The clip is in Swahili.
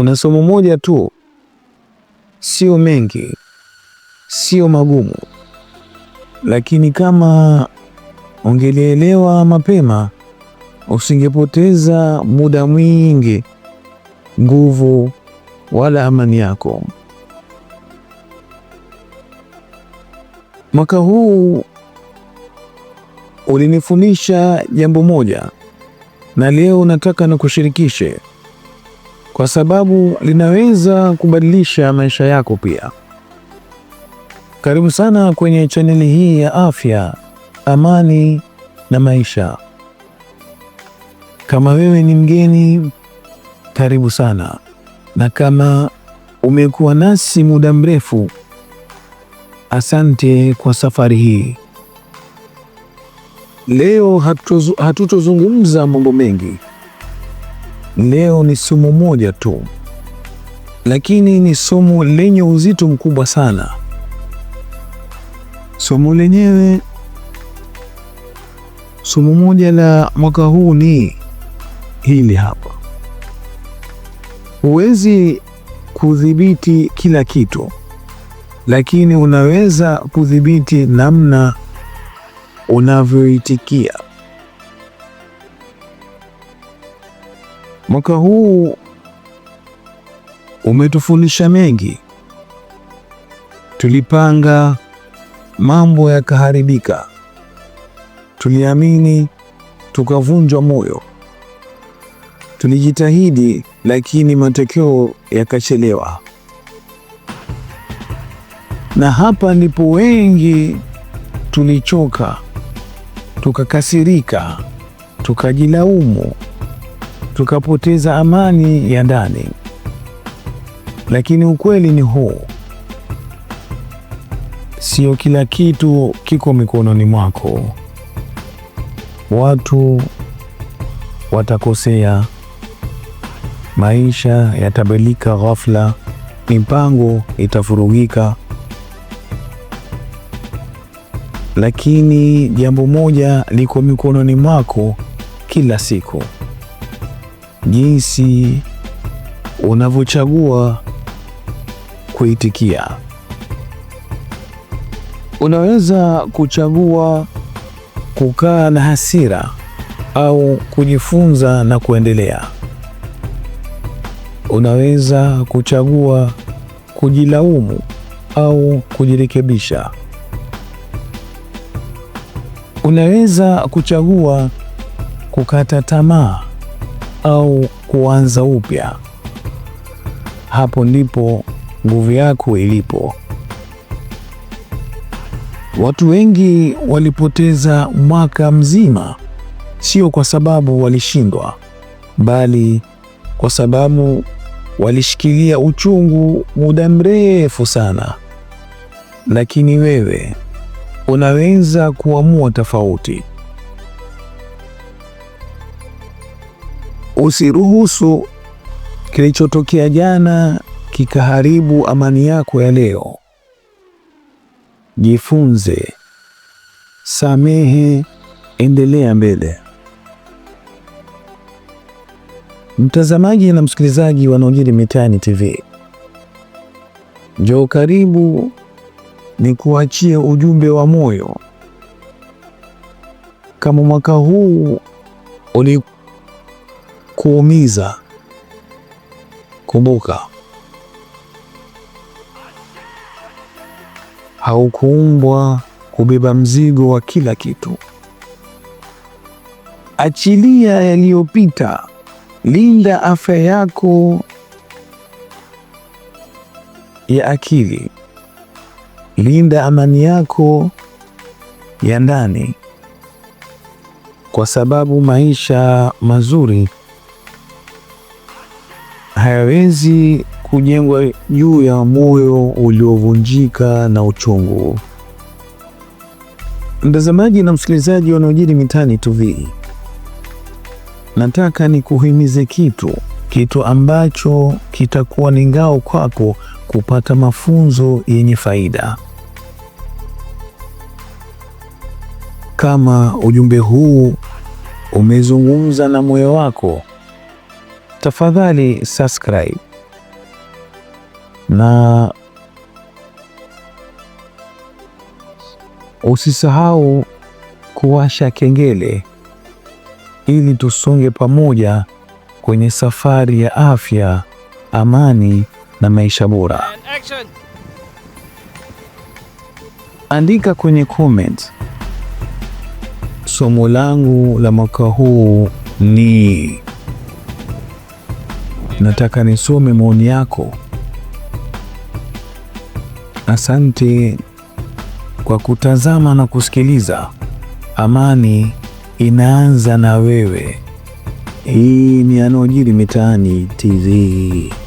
Kuna somo moja tu, sio mengi, sio magumu, lakini kama ungelielewa mapema usingepoteza muda mwingi, nguvu wala amani yako. Mwaka huu ulinifundisha jambo moja, na leo nataka nikushirikishe kwa sababu linaweza kubadilisha maisha yako pia. Karibu sana kwenye chaneli hii ya afya, amani na maisha. Kama wewe ni mgeni, karibu sana, na kama umekuwa nasi muda mrefu, asante kwa safari hii. Leo hatutozungumza mambo mengi Leo ni somo moja tu, lakini ni somo lenye uzito mkubwa sana. Somo lenyewe, somo moja la mwaka huu ni hili hapa: huwezi kudhibiti kila kitu, lakini unaweza kudhibiti namna unavyoitikia. Mwaka huu umetufundisha mengi. Tulipanga mambo yakaharibika, tuliamini tukavunjwa moyo, tulijitahidi lakini matokeo yakachelewa. Na hapa ndipo wengi tulichoka, tukakasirika, tukajilaumu tukapoteza amani ya ndani. Lakini ukweli ni huu, sio kila kitu kiko mikononi mwako. Watu watakosea, maisha yatabelika ghafla, mipango itafurugika. Lakini jambo moja liko mikononi mwako kila siku jinsi unavyochagua kuitikia. Unaweza kuchagua kukaa na hasira au kujifunza na kuendelea. Unaweza kuchagua kujilaumu au kujirekebisha. Unaweza kuchagua kukata tamaa au kuanza upya. Hapo ndipo nguvu yako ilipo. Watu wengi walipoteza mwaka mzima, sio kwa sababu walishindwa, bali kwa sababu walishikilia uchungu muda mrefu sana. Lakini wewe unaweza kuamua tofauti. Usiruhusu kilichotokea jana kikaharibu amani yako ya leo. Jifunze, samehe, endelea mbele. Mtazamaji na msikilizaji yanayojiri mitaani TV, njoo karibu ni kuachie ujumbe wa moyo. Kama mwaka huu ulikuwa kuumiza. Kumbuka, haukuumbwa kubeba mzigo wa kila kitu. Achilia yaliyopita, linda afya yako ya akili, linda amani yako ya ndani, kwa sababu maisha mazuri hayawezi kujengwa juu ya moyo uliovunjika na uchungu. Mtazamaji na msikilizaji wanaojiri mitaani TV, nataka nikuhimize kitu, kitu ambacho kitakuwa ni ngao kwako kupata mafunzo yenye faida. Kama ujumbe huu umezungumza na moyo wako tafadhali subscribe na usisahau kuwasha kengele ili tusonge pamoja kwenye safari ya afya, amani na maisha bora. Andika kwenye comment, somo langu la mwaka huu ni nataka nisome maoni yako. Asante kwa kutazama na kusikiliza. Amani inaanza na wewe. Hii ni yanayojiri mitaani TV.